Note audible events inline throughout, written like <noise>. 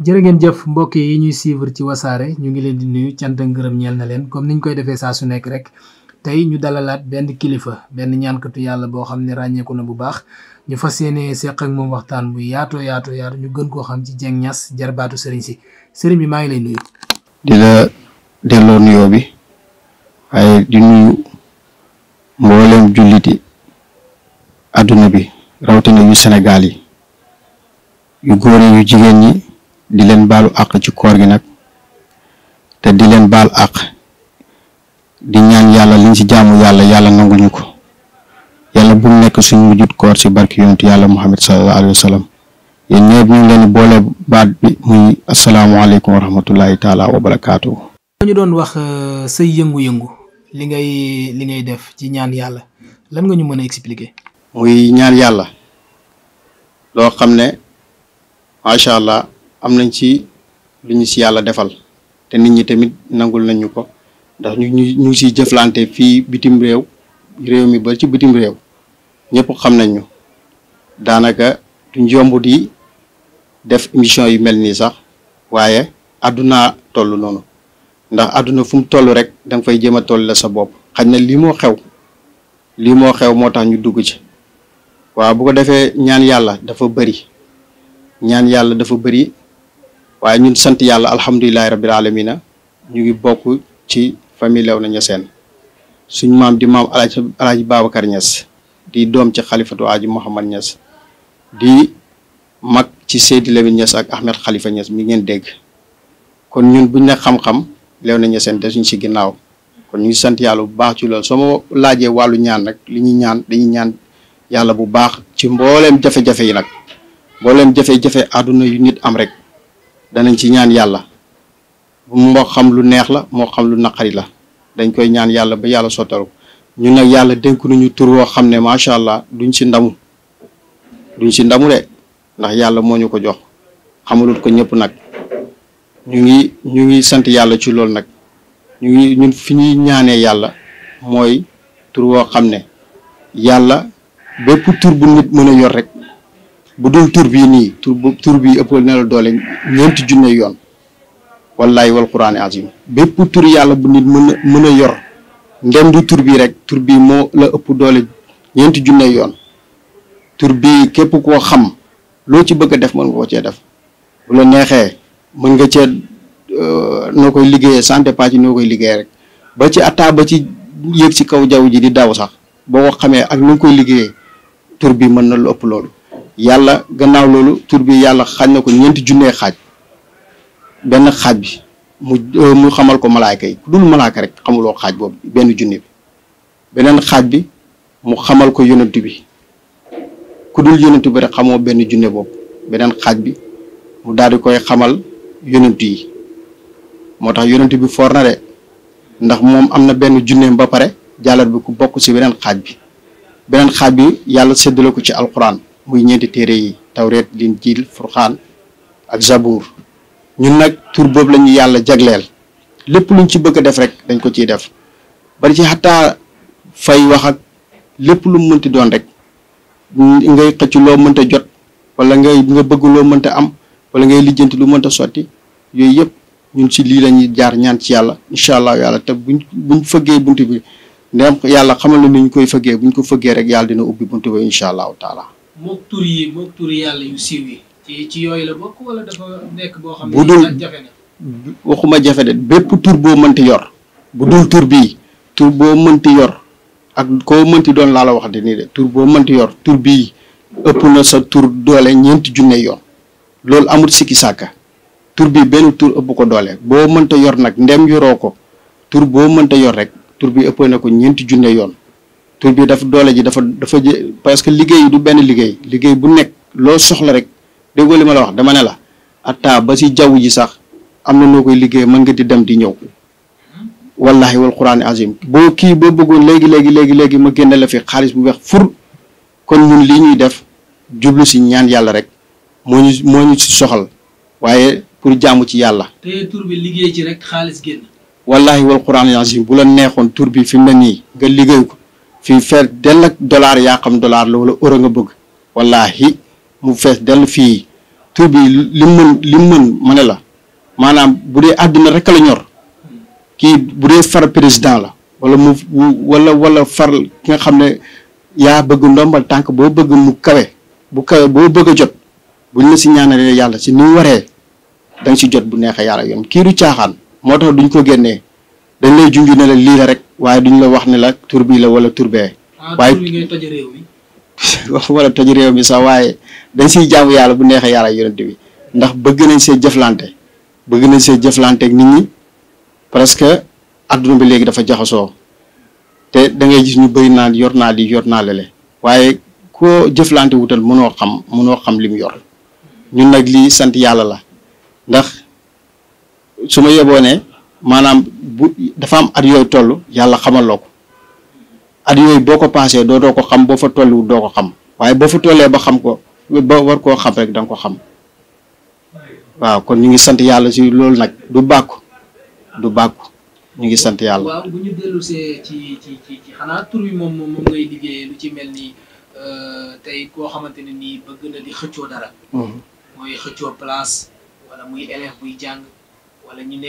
jërë ngeen jëf mbokk yi ñuy suivre ci wasaare ñu ngi leen di nuyu cant ak ngërëm na leen comme niñ koy defee saa su nekk rek tey ñu dalalaat benn kilifa benn ñaankatu yàlla boo xam ne ràññeeku na bu baax ñu fas yéene seq ak moom waxtaan bu yaatoo yaatoo yaatu ñu gën koo xam ci Dieng Niass jarbaatu sëriñ si sëriñ bi maa ngi lay nuyu. di la delloo nuyoo bi waaye di nuyu mboolem julliti adduna bi rawatina yu Sénégal yi yu góor yu jigéen ñi. di leen baalu àq ci koor gi nag te di leen baal àq di ñaan yàlla liñ ci jàmm yàlla yàlla nanguñu ko yàlla bu nekk suñu mujjut koor ci barki yontu yàlla muhammad sallallahu alayhi wa sallam yéen boole baat bi muy asalaamualeykum wa rahmatullahi doon wax euh, say yëngu-yëngu li ngay li ngay def ci ñaan yàlla lan nga ñu mën a expliquer. muy ñaan yàlla loo xam ne macha allah. am nañ ci lu ñu si yàlla defal te nit ñi tamit nangul nañ ko ndax ñu ñu ngi siy jëflante fii bitim réew réew mi ba ci bitim réew ñëpp xam nañ ñu daanaka duñ njomb di def émission yu mel nii sax waaye àdduna toll noonu ndax àdduna fu mu toll rek danga fay jéem a toll la sa bopp xañ na lii moo xew lii moo xew moo tax ñu dugg ci waaw bu ko defee ñaan yàlla dafa bëri ñaan yàlla dafa bëri waaye ñun sant yàlla alhamdulilahi rabbil alamina ñu ngi bokk ci famille Léona Niassène suñ maam di maam alaaj alaaji Babacar Niass di doom ci xalifa xalifatu aji Mouhamad Niass di mag ci Seydi Lamine Niass ak Ahmed xalifa ñes mi ngeen dégg kon ñun buñ ne xam-xam Léona Niassène desuñ ci ginnaaw kon ñu ngi sant yàlla bu baax ci lool soo laajee wàllu ñaan nag li ñuy ñaan dañuy ñaan yàlla bu baax ci mbooleem jafe-jafe yi nag mbooleem jafe-jafe àdduna yu nit am rek danañ ci ñaan yàlla moo xam lu neex la moo xam lu naqari la dañ koy ñaan yàlla ba yàlla sottalu ñu ñun nag yàlla dénk nañu tur woo xam ne macha allah duñ ci ndamu duñ ci ndamu de ndax yàlla moo ñu ko jox xamalut ko ñëpp nag ñu ngi ñu ngi sant yàlla ci loolu nag ñu ngi fi ñuy ñaanee yàlla mooy tur woo xam ne yàlla bépp tur bu nit mën a yor rek bu dul tur bii nii tur bu tur bii ëppal na la doole ñeenti junne yoon wallaay wal quraani azim bépp tur yàlla bu nit mën a mën a yor ndem du tur bii rek tur bii moo la ëpp doole ñeenti junne yoon tur bii képp koo xam loo ci bëgg a def mën nga ko cee def bu la neexee mën nga cee euh, noo koy liggéeyee santé pàcc noo koy liggéeyee rek ba ci atta ba ci yéeg ci kaw jaww ji di daaw sax boo ko xamee ak ni koy liggéeyee tur bii mën na lu ëpp loolu yàlla gannaaw loolu tur bi yàlla xaaj na ko ñeenti junnee xaaj benn xaaj bi mu euh, mu xamal ko malaayka yi ku dul malaayka rek xamuloo xaaj boobu benn junne bi beneen xaaj bi mu xamal ko yonent bi ku dul yonent bi xamoo benn junne boobu beneen xaaj bi mu daal di koy xamal yonent yi moo tax yonent bi foor na de ndax moom am na benn junneem ba pare jàllat bi ku bokk ci beneen xaaj bi beneen xaaj bi yàlla séddale ko ci alxuraan muy ñeenti téere yi tawreet linjiil furxaan ak zabuur ñun nag tur boobu la ñu yàlla jagleel lépp luñ ci bëgg a def rek dañ ko ciy def bari ci xataa fay wax ak lépp lu mu mënti doon rek ngay xëcc loo mënta jot wala ngay nga bëgg loo mënta am wala ngay lijjanti lu mënta sotti yooyu yëpp ñun ci lii la ñuy jaar ñaan ci yàlla incha allah yàlla te buñ buñ fëggee bunt bi ndem yàlla xamal na ni ñu koy fëggee buñ ko fëggee rek yàlla dina ubbi bunt bi incha mook tur yooyu la bokk xam ne bu dul waxuma jafe de bépp tur boo mënti yor bu dul tur bii tur boo mënti yor ak koo mënti doon laa la wax de nii de tur boo mënti yor tur bii ëpp na sa tur doole ñeenti junne yoon loolu amul sikki sàkka tur bi benn tur ëpp ko doole boo mënta yor nag ndem yoroo ko tur boo mënta yor rek tur bi ëpp na ko ñeenti junne yoon te bi doole ji dafa dafa jë parce que liggéey du benn liggéey liggéey bu nekk loo soxla rek déggoo li ma la wax dama ne la atta ba si jaww ji sax am na noo koy liggéey man nga di dem di ñëw wallahi wal quraan azim boo kii boo bëggoon léegi léegi léegi ma génne la fi xaalis bu weex fur kon mun li ñuy def jublu si ñaan yàlla rek moo ñu moo ñu ci soxal waaye pour jaamu ci yàlla. xaalis génn. wallahi wal quraan azim bu la neexoon tur bi fi mu ne nii nga liggéey ko. fii fees dell ak dollar yaa xam dollar la wala euro nga bëgg wallahi mu fees dell fii tur bi li mën li mën ma ne la maanaam bu dee àdduna rek la ñor kii bu dee far président la wala mu wala wala far ki nga xam ne yaa bëgg ndombal tànk boo bëgg mu kawe bu kawe boo bëgg a jot buñ la si ñaanalee yàlla si nu waree danga si jot bu neexee yàlla yoon kii du caaxaan moo tax duñ ko génnee dañ lay junj ne la lii la rek waaye duñ la wax ne la tur bii la wala tur bee. Ah, waaye <laughs> wala toj réew mi sax waaye dañ siy jaamu yàlla bu neexee yàlla yonent bi ndax bëgg nañ see jëflante bëgg nañ see jëflante ak nit ñi presque adduna bi léegi dafa jaxasoo te da ngay gis ñu bëri naan yor naa lii yor naa lele waaye koo jëflante wutal mënoo xam mënoo xam li mu yor ñun nag lii sant yàlla la ndax su ma yeboo maanaam bu dafa am at yooyu toll yàlla xamaloo ko at boo ko passé doo doo ko xam boo fa tolliwul doo ko xam waaye boo fa tollee ba xam ko ba war koo xam rek danga ko xam waaw kon ñu ngi sant yàlla si loolu nag du bàkku du bàkku ñu ngi sant yàlla. waaw ci ci ci xanaa tur wi moom moom ngay liggéeyee lu ci mel ni euh, tey koo xamante ne nii bëgg na di xëccoo dara. Mhm. mooy xëccoo place wala muy élève buy jàng. wala mhm.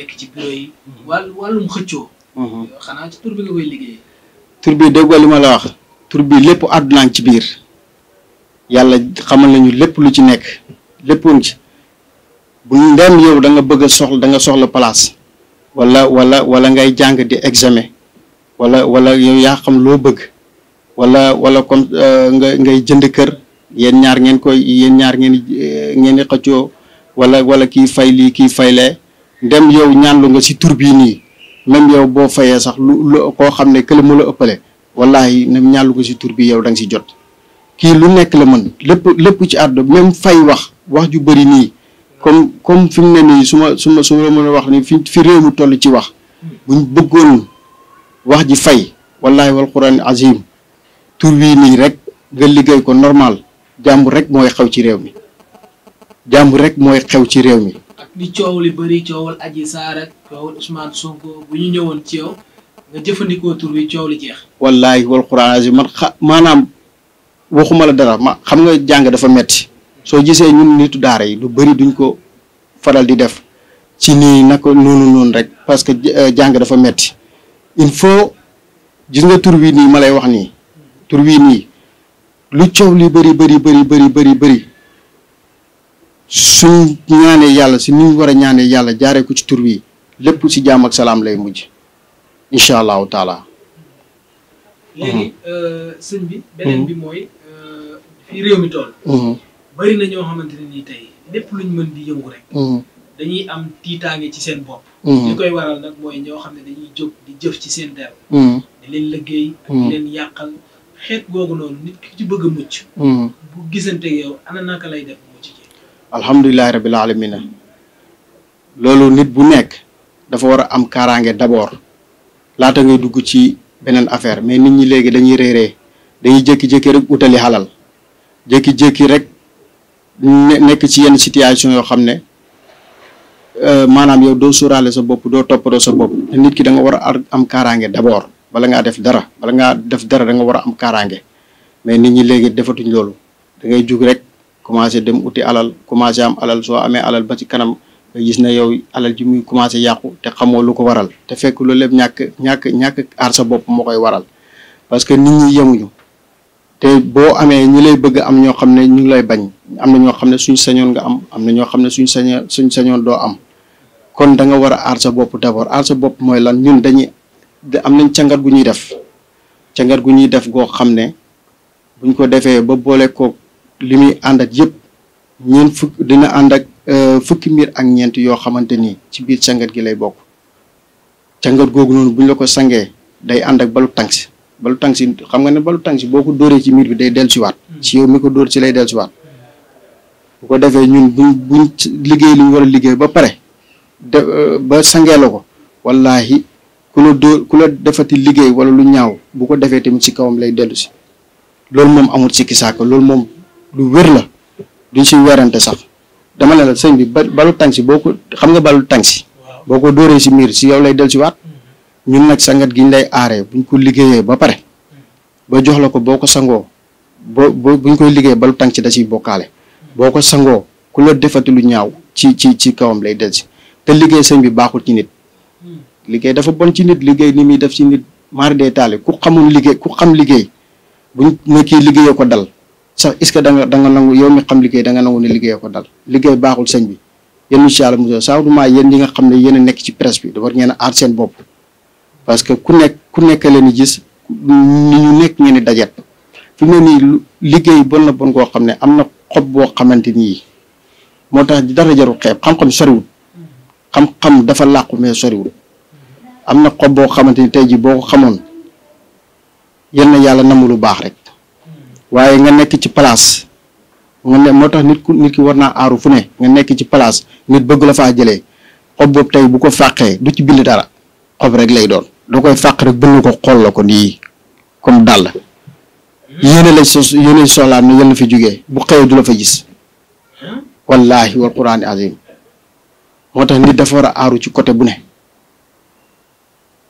mhm. tur bi nga koy liggéeyee. li ma la wax. tur bi lépp àddunaan ci biir yàlla xamal nañu lépp lu ci nekk léppoon ci bu ndem yow da nga bëgg a soxla da soxla place walla wala wala ngay jàng di examen wala wala yow yaa xam loo bëgg wala wala comme euh, nga ngay jënd kër yéen ñaar ngeen koy yéen ñaar ngeen euh, ngeen di xëccoo wala wala kii fay lii kii fay dem yow ñaanlu nga si tur bii nii même yow boo fayee sax lu lu koo xam ne kële mu la ëppale wallahi nem ñaanlu ko si tur bii yow da nga jot kii lu nekk la mën lépp lépp ci àdduna même fay wax wax ju bëri nii comme comme fi mu ne nii su ma su ma su mën a wax nii fi fi réew mi toll ci wax buñ bëggoon wax ji fay wallahi wal quran azim tur bii nii rek nga liggéey ko normal jàmm rek mooy xew ci réew mi jàmm rek mooy xew ci réew mi li coow li bëri coowal Adji Sarr ak coowal Ousmane Sonko bu ñu ñëwoon ci yow nga jëfandikoo tur bi coow li jeex. wallaahi wal xuraan man xa maanaam waxuma la dara ma xam nga jàng dafa metti soo gisee ñun nitu daara yi lu bëri duñ ko faral di def ci nii naka noonu noonu rek parce que euh, jàng dafa metti il faut gis nga tur wi nii ma lay wax nii tur nii lu coow li bëri bëri bëri bëri suñ ñaanee yàlla si ni ñu war a ñaanee yàlla jaaree ko ci turwi bi lépp si jaam ak salaam lay mujj incha allahu taala. léegi mhm. euh, sëñ bi. beneen mhm. mooy euh, fi réew mhm. ñoo xamante ne nii tey lépp luñ mën di yëngu rek. dañuy am tiitaange ci seen bopp. li koy waral nag mooy ñoo xam ne dañuy jóg di jëf ci seen der. di leen liggéey. ak leen yàqal xeet googu noonu nit ki ci bëgg a mucc. bu gisante yow ana naka lay def. alhamdulilahi rabil alamina loolu nit bu nekk dafa war a am kaaraange d'abord laata ngay dugg ci beneen affaire mais nit ñi léegi dañuy réeree dañuy jékki-jékki rek utali xalal jékki-jékki rek nekk ci yenn situation yoo xam ne euh, maanaam yow doo sóoraale sa bopp doo toppatoo sa bopp nit ki da nga war a am kaaraange d'abord bala ngaa def dara bala ngaa def dara da nga war a am kaaraange mais nit ñi léegi defatuñ loolu da ngay jug rek commencé dem uti alal commencé am alal soo amee alal ba ci kanam gis na yow alal ji muy commencé yàqu te xamoo lu ko waral te fekk loolu lépp ñàkk ñàkk ñàkk aar sa bopp moo koy waral parce que nit ñi te boo amee ñi lay bëgg am ñoo xam ne ñu ngi lay bañ am na ñoo xam ne suñ sañoon nga am am na ñoo xam ne suñ sañoon suñ sañoon doo am kon da nga war a aar sa bopp d'abord aar sa bopp mooy lan ñun dañuy am nañ càngat gu ñuy def càngat gu ñuy def goo xam ne buñ ko defee ba boole ko li muy ànd ak yëpp ñeent fukk dina ànd ak euh, fukki mbir ak ñeent yoo xamante ni ci biir cangat gi lay bokk cangat googu noonu bu ñu la ko sangee day ànd ak balu tàng si balu tàng si xam nga ne balu tàng si boo ko dóoree ci miir bi day dellu siwaat hmm. si ko dóor ci lay dellu siwaat ko defee ñun buñ buñ liggéey li ñu war a liggéey ba pare de euh, ba sangee la ko wallaahi ku la dóor ku la defati liggéey wala lu ñaaw bu ko defee tamit si kawam lay dellusi loolu moom amul sikki saaka loolu moom lu wér la duñ si werante sax dama ne la sëñ bi balu tàng si boo ko xam nga balu tàng si boo ko dóoree si miir si yow lay del si waat mm-hmm. ñun nag sangat gi ñu lay aaree buñ ko liggéeyee ba pare mm-hmm. ba jox la ko boo ko sangoo boo buñ koy liggéey balu tàng si da ciy bokkaale boo ko sangoo ku la defati lu ñaaw ci ci ci kawam lay del si te liggéey sëñ bi baaxul ci nit mm-hmm. liggéey dafa bon ci nit liggéey ni muy def ci nit mari dee taali ku xamul liggéey ku xam liggéey buñ nekkee liggéeyoo ko dal sax est-ce que da nga da nga nangu yow mi xam liggéey da nga nangu ne liggéey ko dal liggéey baaxul sëñ bi yéen ñu si yàlla mos a sàrdument yéen ñi nga xam ne yéen a nekk ci presse bi dafa ngeen a seen bopp parce que ku nekk ku nekk leen gis ni ñu nekk ngeen ni dajet fi mu ne nii liggéey bon na bon koo xam ne am na xob boo xamante nii moo tax dara jaru xeeb xam-xam soriwul xam-xam dafa làqu mais soriwul am na xob boo xamante ni tey jii boo ko xamoon yéen na yàlla namu lu baax rek. waaye nga nekk ci palaas nga ne moo tax nit ku nit ki war naa aaru fu ne nga nekk ci place nit bëgg la faa jëlee xob boobu tey bu ko fàqee du ci bind dara xob rek lay doon da koy fàq rek bënn ko xool la ko nii comme dàll yéene lay so yéene soxlaan ne yal na fi jógee bu xëyee du la fa gis wallaahi wal quraani azim moo tax nit dafa war a aaru ci côté bu ne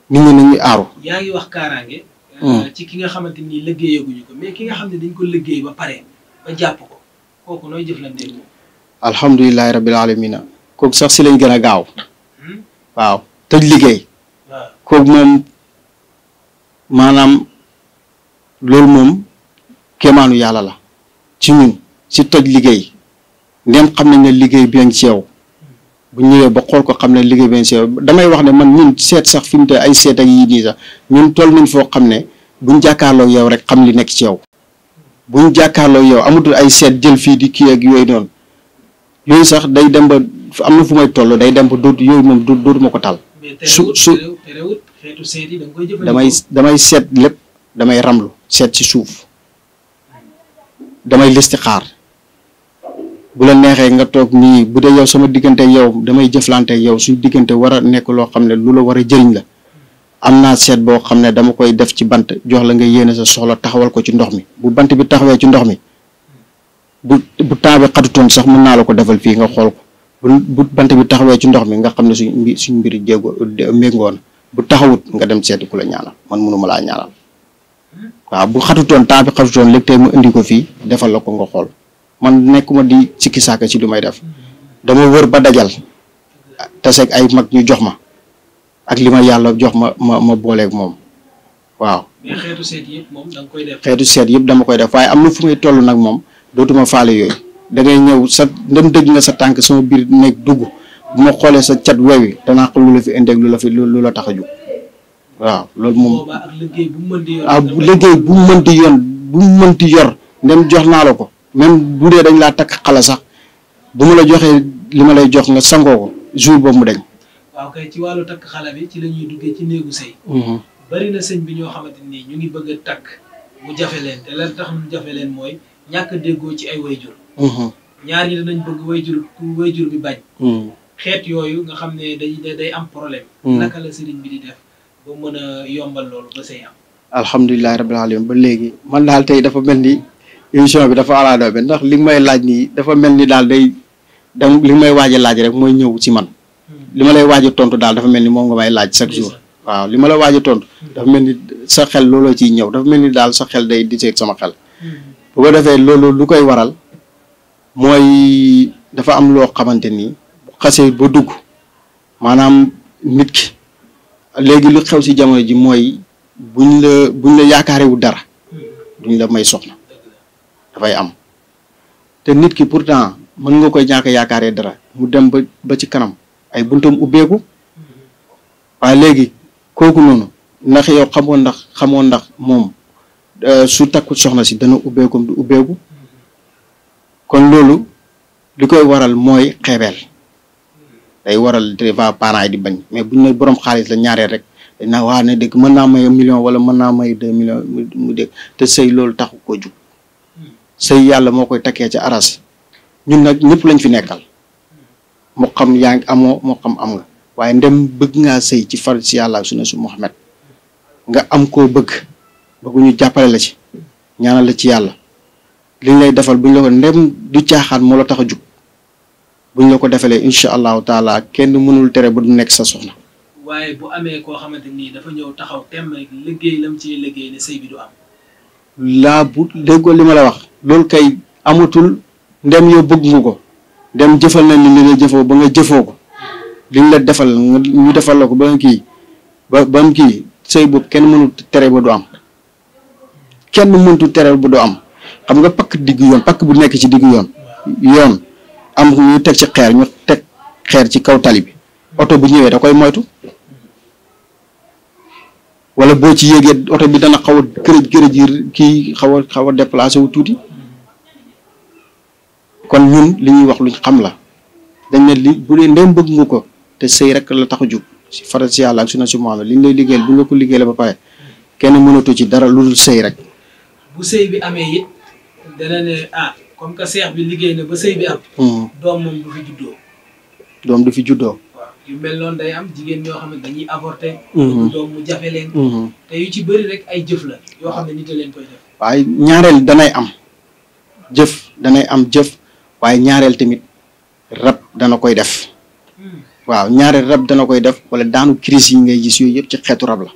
nit ñi nañuy aaru. Hmm. ci ki nga xamante ni liggéeyaguñu ko mais ki nga xam ne dañ ko liggéey ba pare ba jàpp ko kooku nooy jëflanteeg moom. alhamdulilah rabil aalamiina kooku sax si lañ gën a gaaw. Hmm? waaw tëj liggéey. waaw moom maanaam loolu moom kéemaanu yàlla la. ci ñun si toj liggéey. ndem xam nañ ne liggéey bi lañ ci yow bu ñëwee ba xool ko xam ne liggéey benn seet damay wax ne man ñun seet sax fi mu ay seet ak yii nii sax ñun toll nañ foo xam ne buñ jàkkaarloo yow rek xam li nekk ci yow buñ jàkkaarloo yow amatul ay seet jël fii di kii yooyu noonu yooyu sax day dem ba am na fu may toll day dem ba dootu yooyu moom dootuma ko tal. su su seet yi damay damay seet lépp damay ramlu seet ci suuf damay listixaar bu la neexee nga toog nii bu dee yow sama diggante yow damay jëflante yow suñ diggante war a nekk loo xam ne lu la war a jëriñ la am naa seet boo xam ne dama koy def ci bant jox la nga yéene sa soxla taxawal ko ci ndox mi bu bant bi taxawee ci ndox mi bu bu temps sax mën naa la ko defal fii nga xool ko bu bant bi taxawee ci ndox mi nga xam ne suñ mbir suñ mbir jéego méngoon bu taxawut nga dem seeti ku la ñaanal man mënuma laa ñaanal hmm. waaw bu xatutoon temps bi xatutoon léeg mu indi ko fii defal la ko nga xool man nekkuma di sikki saaka ci lu may def dama wër ba dajal taseeg ay mag ñu jox ma ak li ma yàlla jox ma ma ma booleeg moom waaw. mais xeetu seet yëpp dama koy def waaye am na fu ngay toll nag moom dootuma faale yooyu da ñëw sa ndem dëgg nga sa tànk sama biir nekk dugg bu ma xoolee sa cat wewi danaa xool lu la lu la tax a jóg waaw loolu moom liggéey bu mu mënti yor bu mënti yor ndem jox naa la ko. même bu dee dañ laa takk xala sax bu ma la joxee li ma lay jox nga sangoo ko jour boobu mu deñ waaw kay ci wàllu takk xala bi ci la duggee ci néegu sëy mhm. bari sëñ bi ñoo xamante nii ñu ngi bëgg a takk mu jafe leen te lan tax mu jafe leen mooy ñàkk déggoo ci ay wayjur mhm. ñaar ñi danañ bëgg wayjur ku wayjur bi bañ mhm. xeet yooyu nga xam ne day day am problème naka la sëriñ bi di def ba mën a yombal loolu ba sëy am alhamdulilahi alamin ba léegi man laal tey dafa mel ni émission bi dafa alaada bi ndax li may laaj nii dafa mel ni daal day dam li may waaj a laaj rek mooy ñëw ci man li ma lay waaj a tontu daal dafa mel ni moom nga may laaj chaque jour waaw li ma la waaj a tontu dafa mel ni sa xel looloo ciy ñëw dafa mel ni daal sa xel day di seeg sama xel bu defee loolu lu koy waral mooy dafa am loo xamante ni xasee ba dugg maanaam nit ki léegi lu xew ci jamono ji mooy buñ la buñ la yaakaarewul dara duñ la may soxna dafay am te nit ki pourtant mën nga koy ñàkk yaakaaree dara mu dem ba ba ci kanam ay buntam ubbeeku waaye léegi kooku noonu ndax yow xamoon ndax xamoon ndax moom euh, su takku soxna si dana ubbeekum du ubbeeku kon loolu li koy waral mooy xeebeel day waral te va parents yi di bañ mais buñ ne borom xaalis la ñaareel rek dañ naa waa ne dëgg mën naa may million wala mën naa may deux millions mu dégg te sëy loolu taxu ko jug sëy yàlla moo koy takkee ca aras ñun nag ñëpp lañ fi nekkal moo xam yaa ngi amoo moo xam am nga waaye ndem bëgg ngaa sëy ci far si yàlla ak sunna su Muhammad nga am koo bëgg bëgguñu jàppale la ci ñaanal la ci yàlla liñ lay defal buñ la ko ndem du caaxaan moo la tax a jug buñ la ko defalee incha allahu taala kenn mënul tere ba du nekk sa soxna. waaye bu amee koo xamante ni dafa ñëw taxaw temm rek liggéey lam ci liggéey ne sëy bi du am. laa bu déggoo li ma la wax. loolu kay amatul ndem yow bëgg ko dem jëfal nañ li nga jëfoo ba nga jëfoo ko liñ la defal ñu defal la ko ba nga kii ba ba mu kii sëy boobu kenn mënut tere ba du am kenn mëntu tere ba du am xam nga pakk digg yoon pakk bu nekk ci digg yoon yoon am ñu teg ci xeer ñu teg xeer ci kaw tali bi oto bu ñëwee da koy moytu wala boo ci yéegee oto bi dana xaw a kërëj kërëj yi kii xaw a xaw a wu tuuti kon ñun li ñuy wax luñ xam la dañ ne li bu dee ndem bëgg nga ko te sëy rek la tax a jug si faral si yàlla ak suna si Muhammad li ñu lay liggéeyal bu ñu la ko liggéeyal ba pare kenn mënatu ci dara lu dul sëy rek. bu sëy bi amee it dana ne ah comme que seex bi liggéey na ba sëy bi am. Hmm. doom moom du fi juddoo. doom du fi juddoo. Hmm. Hmm. te yu ci bëri rek ay jëf la yoo xam a leen koy def. waaye ñaareel danay am jëf danay am jëf. waaye ñaareel tamit rab dana koy def waaw ñaareel rab dana koy def wala daanu crise yi ngay gis yooyu yëpp ci xeetu rab la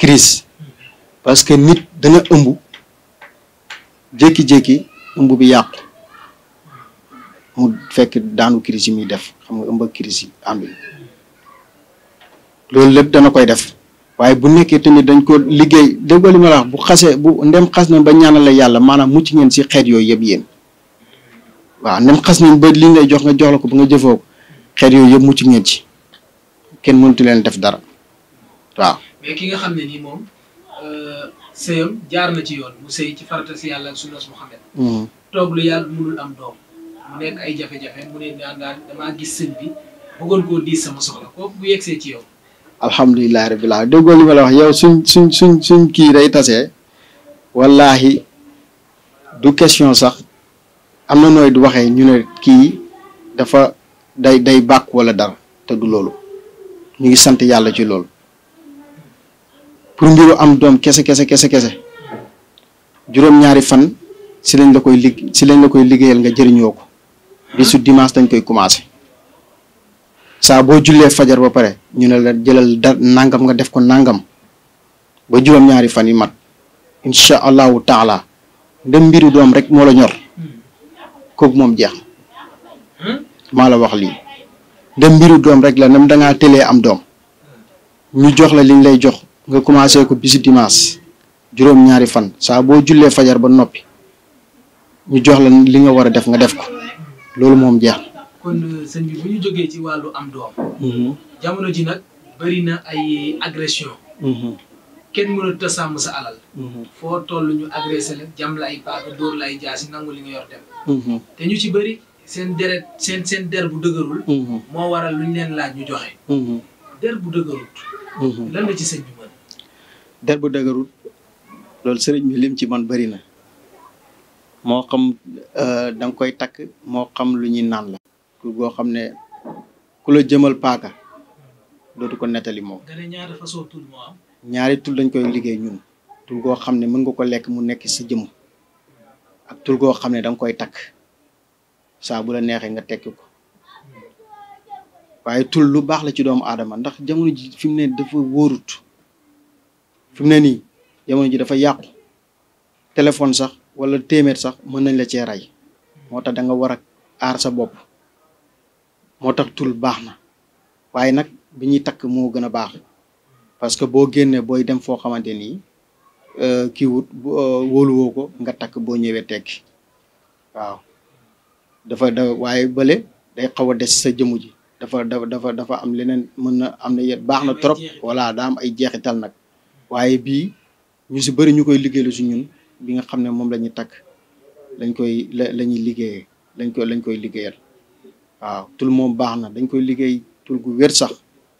crise parce que nit dana ëmb jékki-jékki ëmb bi yàqu mu fekk daanu crise yi muy def xam nga ëmba ak yi àndul loolu lépp dana koy def waaye bu nekkee tamit dañ ko liggéey déggoo li bu xasee bu ndem xas na ba ñaanale yàlla maanaam mucc ngeen si xeet yooyu yëpp yéen waaw nem xas nañ ba li lay jox nga jox ko ba nga jëfoo ko xeet yooyu yëpp mucc ngeen ci kenn mëntu leen def dara waaw. mais ki nga xam ne nii moom euh, sëyam jaar na ci yoon mu sëy ci farata si yàlla ak sunnas Muhammad. Hmm. toog lu yàlla mënul am doom mu nekk ay jafe-jafe mu ne daan daal damaa gis sëñ bi bëggoon koo diis sama soxla kooku bu yegsee ci yow. alhamdulilah rabbil alamin déggoo la wax yow suñ suñ suñ suñ kii day tasee wallaahi du question sax. am na nooy du waxee ñu ne kii dafa day day bàkk wala dara te du loolu ñu ngi sant yàlla ci loolu pour mbiru am doom kese kese kese kese juróom-ñaari fan si lañ la koy lig si lañ la koy liggéeyal nga jëriñoo ko bisu dimanche dañ koy commencé saa boo jullee fajar ba pare ñu ne la jëlal da nangam nga def ko nàngam ba juróom-ñaari fan yi mat incha allahu taala ndem mbiru doom rek moo la ñor. kooku moom jeex hmm? maa la wax lii dem mbiru doom rek la nam da ngaa télé am doom ñu jox la liñ lay jox nga commencé ko bisu dimanche juróom-ñaari fan saa boo jullee fajar ba noppi ñu jox la li nga war a def nga def ko loolu moom jeex kon euh, ci wàllu am doom. Mm-hmm. ji na ay agression. Mm-hmm. kenn mënut sàmm sa alal. Mm-hmm. foo toll ñu agressé la jam la ay paaka dóor jaasi nangu li nga yor dem. Mm-hmm. te ñu ci bëri seen deret seen seen der bu dëgërul. Mm-hmm. moo waral lu ñu mm-hmm. bu dëgërut. lan la ci sëñ mën. der bu dëgërut loolu sëriñ bi lim ci man bëri na moo xam euh, da koy takk moo xam lu ñuy naan la. goo xam ne ku la jëmal paaka dootu ko nettali moom. nga ñaari tul dañ koy liggéey ñun. tul goo xam ne mën nga ko lekk mu nekk si jëmm. ak tul goo xam ne danga koy takk saa bu la neexee nga tekki ko waaye tul lu baax la ci doomu aadama ndax jamono ji fi mu ne dafa wóorut fi mu ne nii jamono ji dafa yàqu téléphone sax wala téeméer sax mën nañ la cee rey moo tax danga nga war a aar sa bopp moo tax tul baax na waaye nag bi ñuy takk moo gën a baax parce que boo génnee booy dem foo xamante nii Euh, kii wut euh, wóoluwoo ko nga takk boo ñëwee tekki waaw dafa da waaye bale day xaw a des sa jëmu ji dafa dafa dafa dafa am leneen mën na am na yet baax na trop voilà daam ay jeexital nag waaye bi ñu si bëri ñu koy liggéeylu si ñun bi nga xam ne moom la takk lañ koy la la ñuy liggéeyee lañ koy lañ koy liggéeyal waaw tul moom baax na dañ koy liggéey tul gu wér sax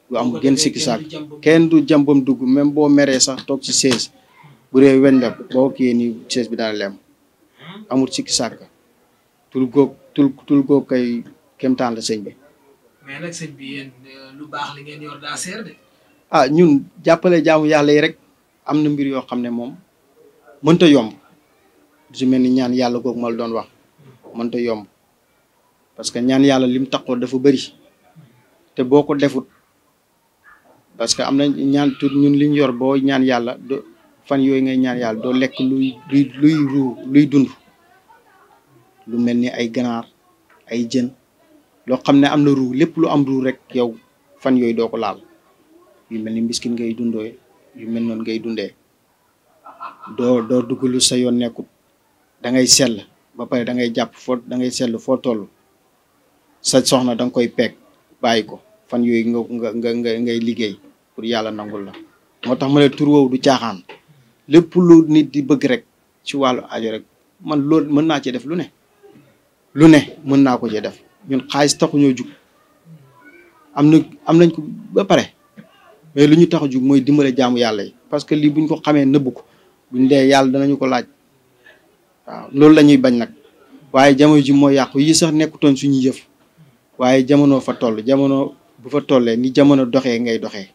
gu am gën sikki sàkk kenn du jàmbam dugg même boo meree sax toog ci seize bu dee weñ la boo kii nii bi daal lem amul sikki sàkk tul góog tul tul kay kemtaan la sëñ bi. mais euh, ah, ñun jàppale jaamu yàlla yi rek am na mbir yoo xam ne moom mënta yomb su mel ni ñaan yàlla googu ma doon wax mënta yomb parce que ñaan yàlla lim taxoo dafa bëri te boo ko defut parce que am na ñaan ñun liñ yor boo ñaan yàlla fan yooyu ngay ñaan yàlla doo lekk luy luy luy luy dund lu mel ni ay ganaar ay jën loo xam ne am na ruu lépp lu am ruu rek yow fan yooyu doo ko laal yu mel ni mbiskit ngay dundooy yu mel noonu ngay dundee doo doo dugg lu sa yoon nekkut dangay ngay sell ba pare da ngay jàpp foo da sell foo toll sa soxna danga koy peeg bàyyi ko fan yooyu nga nga ngay liggéey pour yàlla nangul la moo tax ma ne tur woowu du caaxaan lépp lu nit di bëgg rek ci wàllu aajo rek man loolu mën naa cee def lu ne lu ne mën naa ko cee def ñun xaalis taxuñoo jug am na am nañ ko ba pare mais lu ñu tax a jug mooy dimbale jaamu yàlla yi parce que lii buñ ko xamee nëbbu ko dee yàlla danañu ko laaj waaw loolu la bañ nag waaye jamono ji moo yàqu yi sax nekkutoon suñuy yëf waaye jamono fa toll jamono bu fa tollee ni jamono doxee ngay doxee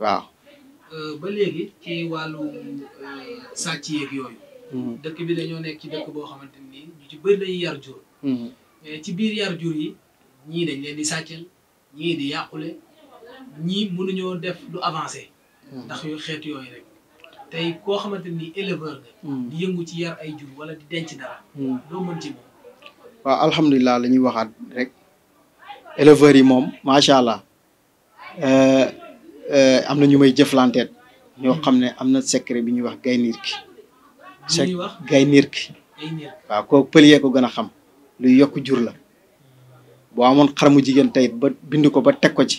waaw Euh, ba léegi ci wàllu euh, sàcc yeeg yooyu. Hmm. dëkk bi dañoo nekk ci dëkk boo xamante ni ñu ci bëri dañuy yar jur. mais hmm. eh, ci biir yar jur yi ñii dañ leen di sàccal ñii di yàqule ñii mënuñoo def du avancé. Hmm. ndax yu xeet yooyu rek tey koo xamante ni éleveur nga. di yëngu ci yar ay jur wala di denc dara. doo mën ci moom. waaw alhamdulilah la ñuy waxaat rek éleveurs yi moom macha allah. Euh, Euh, am na ñu may jëflanteet ñoo xam ne am na secret bi ñuy wax gaynir ki se gaynir ki waaw koo pëlier ko gën a xam lu yokk jur la boo amoon xar mu jigéen tey ba bind ko ba teg ko ci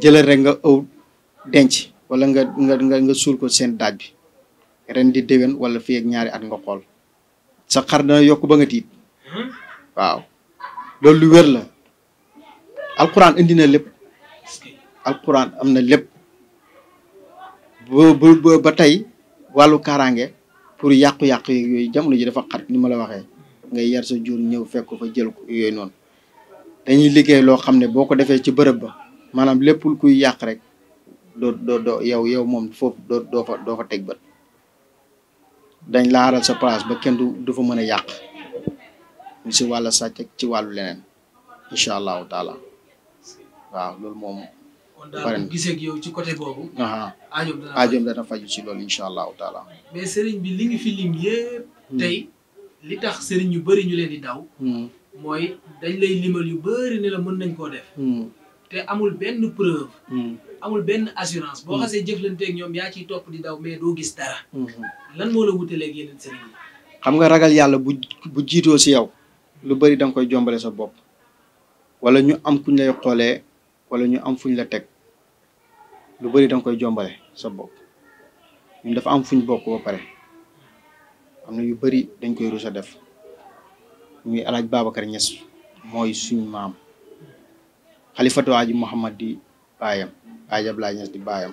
jëlal rek nga aw denc wala nga nga nga suul ko seen daaj bi ren di déwén wala fii ak ñaari at nga xool sa xar dana yokk ba nga tiit hmm? waaw loolu lu wér la alxuraan indi na lépp alquran am na lépp ba ba tey wàllu kaaraange pour yàqu-yàqu yooyu jamono ji dafa xat ni ma la waxee ngay yar sa jur ñëw fekk ko fa jël ko yooyu noonu dañuy liggéey loo xam ne boo ko defee ci bërëb ba maanaam lépp kuy yàq rek doo doo doo yow yow moom foofu doo doo fa doo teg bët dañ laaral sa place ba kenn du du fa mën a yàq si wàllu sàcc ci wàllu leneen incha allahu taala waaw loolu moom kon daal bu gisee ak yow ci côté boobu. aajoom dana aajoom dana faju ci loolu mais sëriñ bi li ngi fi lim yépp. Hmm. li tax sëriñ yu bëri ñu leen di daw. Hmm. mooy dañ lay limal yu bëri ne la mën nañ koo def. Hmm. te amul benn preuve. benn assurance boo xasee jëflanteeg ñoom yaa ciy topp di daw mais doo gis dara. lan moo la wutaleeg xam nga ragal yàlla bu bu jiitoo si yow lu bëri danga koy jombale sa bopp wala ñu am kuñ lay xoolee wala ñu am fuñ la teg lu bëri danga koy jombale sa bopp ñun dafa am fuñ bokk ba pare am na yu bëri dañ koy rus a def muy alaaj Babacar Ñas mooy suñ maam xalifatu Aji Muhammad di baayam Aji Ablaay Ñas di baayam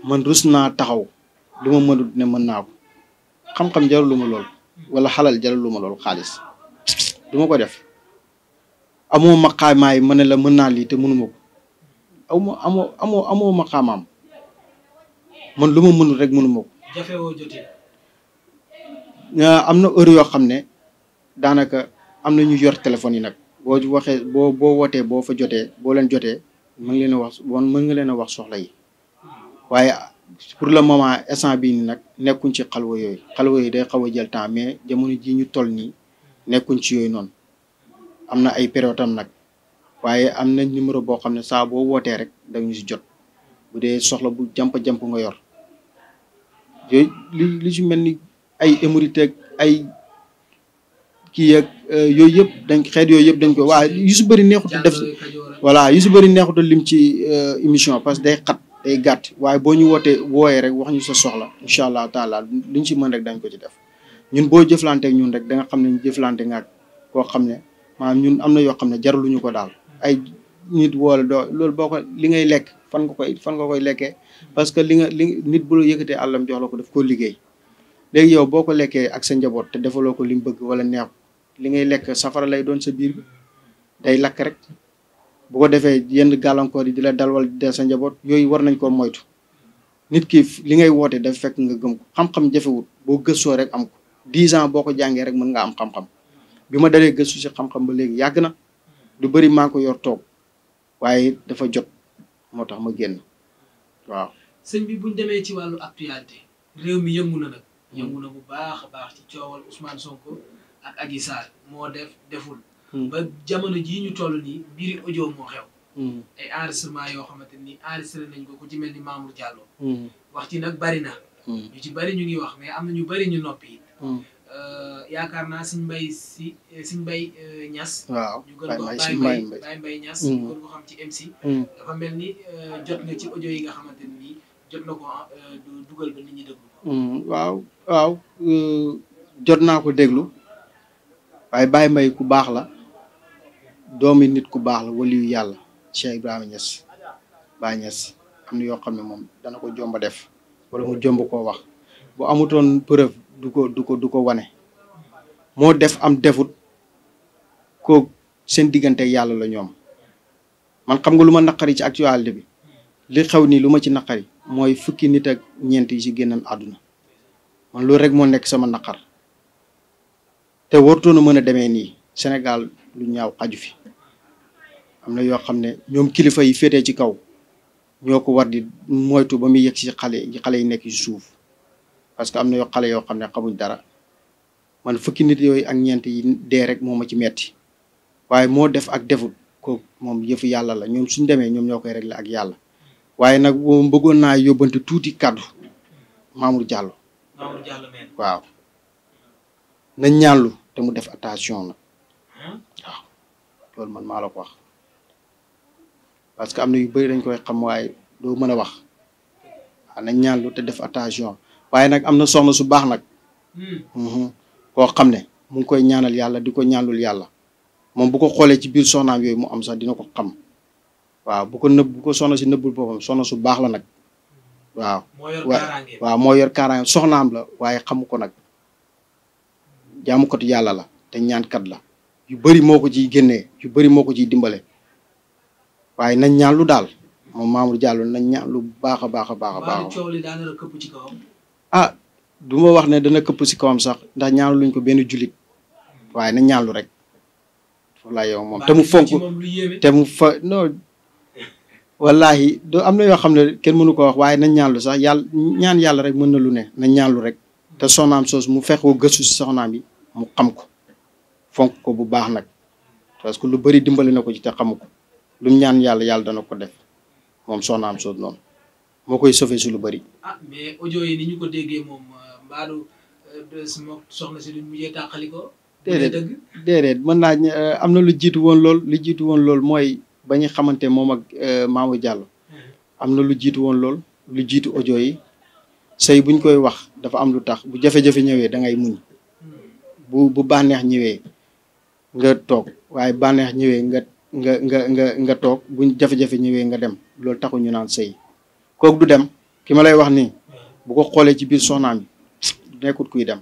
man rus naa taxaw lu ma mënut ne mën naa ko xam-xam jaraluma lool wala xalal jaraluma lool xaalis duma ko def amoo maqaamaay ma ne la mën naa lii te mënuma aw ma amoo amoo ma maqaamaam man lu ma mënul rek mënu ma ko. am na heure yoo xam ne daanaka am na ñu yor téléphone yi nag boo waxee boo boo wootee boo fa jotee boo leen jotee mën leen a wax bon mën nga leen a wax soxlay yi waaye pour le moment instant bii nii nag nekkuñ ci xalwa yooyu xalwa yooyu day xaw a jël temps mais jamono ji ñu tol nii nekkuñ ci yooyu noonu am na ay période am nag. waaye am nañ numéro boo xam ne saa boo wootee rek da si jot bu dee soxla bu jamp-jamp nga yor yooyu li li ci mel ni ay émorité ay kii yeeg euh, yooyu yëpp dañ xeet yooyu yëpp dañ ko waa yu su bëri neexutu def voilà yu su bëri neexutu lim ci euh, émission parce que day xat day gàtt waaye boo ñu wootee wooyee rek wax ñu sa soxla incha allah taala luñ ci mën rek dañ ko ci def ñun boo jëflanteek ñun rek danga xam ne jëflante nga ak koo xam ne maanaam ñun am na yoo xam ne jaraluñu ko daal ay nit woola doo loolu boo ko li ngay lekk fan nga koy fan koy lekkee parce que li nga li nit bu la yëkkatee àllam jox la ko daf koo liggéey léegi yow boo ko lekkee ak sa njaboot te defaloo ko li bëgg wala neex li ngay lekk safara lay doon sa biir bi day lakk rek bu defee yenn gàllankoor yi di la dal wala di sa njaboot yooyu war nañ koo moytu nit ki li ngay woote daf fekk nga gëm ko xam-xam jafewut boo gëstoo rek am ko dix ans boo ko jàngee rek mën nga am xam-xam gëstu si xam léegi yàgg na du bari maa ko yor toog waaye dafa jot moo tax ma génn waaw. sëñ bi bu demee ci wàllu actualité réew mi yëngu na nag. yëngu bu baax a baax ci coowal Ousmane Sonko ak Adji moo def deful. Hmm. ba jamono jii ñu toll nii mbiri audio moo xew. Hmm. ay enregistrement yoo xamante ni enregistré nañ ko ku ci mel ni Mamour Diallo. Hmm. wax ci nag bari na. bari ñu ngi wax mais am na ñu bari ñu noppi. Eh, yaakaar naa Serigne Mbaye si eh, Serigne Mbaye eh, Niass. waaw ñu gën ko Baye Mbaye Baye Mbaye Niass. Mm. ñu gën ko xam ci MC. Mm. dafa mel ni jot na ci audio yi nga xamante ne nii jot na ko dugal ba nit ñi déglu ko. Mm, waaw waaw jot naa ko déglu waaye Baye Mbaye ku baax la doomi nit ku baax la waliyu yàlla Cheikh Ibrahima Niass Baye Niass am na yoo xam ne moom dana ko jomba def wala mu jomb koo wax bu amutoon preuve. du ko du ko du ko wane moo def am defut kook seen diggante yàlla la ñoom man xam nga lu ma naqari ci actualité bi li xew nii lu ma ci naqari mooy fukki nit ak ñeent yi ci génnoon àdduna man loolu rek moo nekk sama naqar te wartoona mën a demee nii senegal lu ñaaw xaju fi am na yoo xam ne ñoom kilifa yi féetee ci kaw ñoo ko war di moytu ba muy yegg ci xale xale yi nekk ci suuf parce que am na yoo xale yoo xam ne xamuñ dara man fukki nit yooyu ak ñeent yi dee rek moom ma ci metti waaye moo def ak deful ko moom yëfu yàlla la ñoom suñ demee ñoom ñoo koy réglé ak yàlla waaye nag moom bëggoon naa yóbbante tuuti kàddu Mamour Diallo waaw na ñaanlu te mu def attention nag hmm? waaw loolu man maa ko wax parce que am na yu bëri dañ koy xam waaye doo mën a wax waaw na ñaanlu te def attention waaye nag am na soxna su baax nag. Hmm. Mhm. koo xam ne mu ngi koy ñaanal yàlla di ko ñaanlul yàlla moom bu ko xoolee ci biir soxnaam yooyu mu am sax dina ko xam waaw bu ko nëb bu ko soxna si nëbbul boppam soxna su baax la nag. waaw waaw moo yor kaaraange soxnaam la waaye xamu ko nag jaamukatu yàlla la te ñaankat la yu bëri moo ko ciy génnee yu bari moo ko ciy dimbale waaye na ñaan lu daal moom Mamour Diallo nañ ñaan lu baax a baax a ah du ma wax ne dana këpp si kawam sax ndax ñaanu luñ ko benn julit waaye na ñaanlu rek foofu laa moom te mu fonk fa non wallahi do am na yoo xam ne kenn mënu ko wax waaye na ñaanlu sax yàlla ñaan yàlla rek mën na lu ne na ñaanlu rek te soxnaam soos mu fex ko gëstu si soxnaam yi mu xam ko fonk ko bu baax nag parce que lu bari dimbali na ko ci te xamu ko lu mu ñaan yàlla yàlla dana ko def moom soxnaam soos noonu moo koy sauvé su lu bëri. ah mais audio yi ni ñu ko déggee moom euh, mbaalu euh, soxna si duñ mujjee tàqali ko. déedéet déedéet mën naa euh, am na lu jiitu woon lool lu jiitu woon lool mooy ba ñu xamante moom ak Mamou Diallo. Mmh. am na lu jiitu woon lool lu jiitu audio yi sëy buñ koy wax dafa am lu tax bu jafe-jafe ñëwee da ngay muñ mmh. bu bu bànneex ñëwee nga toog waaye bànneex ñëwee nga nga nga nga nga toog bu jafe-jafe ñëwee nga dem loolu taxu ñu naan sëy kooku du dem ki ma lay wax ni bu ko xoolee ci biir soxnaam yi nekkut kuy dem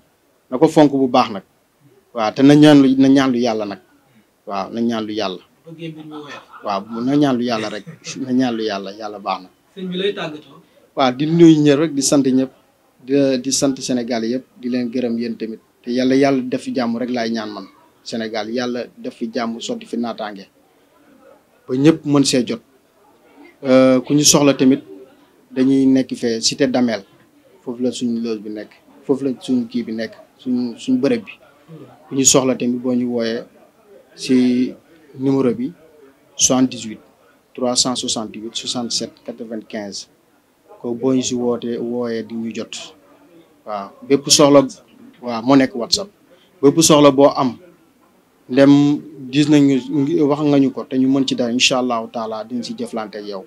na ko fonk bu baax nag waaw te na ñaan lu na ñaan yàlla nag waaw na ñaan lu yàlla. waaw na ñaan yàlla rek yàlla yàlla baax na. sëñ di nuyu ñëpp rek di sant ñëpp Sénégal yëpp di leen gërëm yéen tamit yàlla yàlla def fi jàmm rek lay ñaan man Sénégal yàlla def fi jàmm sotti fi naataange ba ñëpp mën see euh, ku ñu soxla tamit. dañuy nekk fee cité Damel foofu la suñu loge bi nekk foofu la suñ kii bi nekk suñu suñu bërëb bi bu ñu soxla tamit boo ñu wooyee si numéro bi cent 78 368 67 95 ko boo ñu si wootee wooyee di ñu jot waaw bépp soxla waaw moo nekk WhatsApp bépp soxla boo am ndem gis nañu wax nga ñu ko te ñu mën ci dara incha allahu taala dina si jëflante ak yow.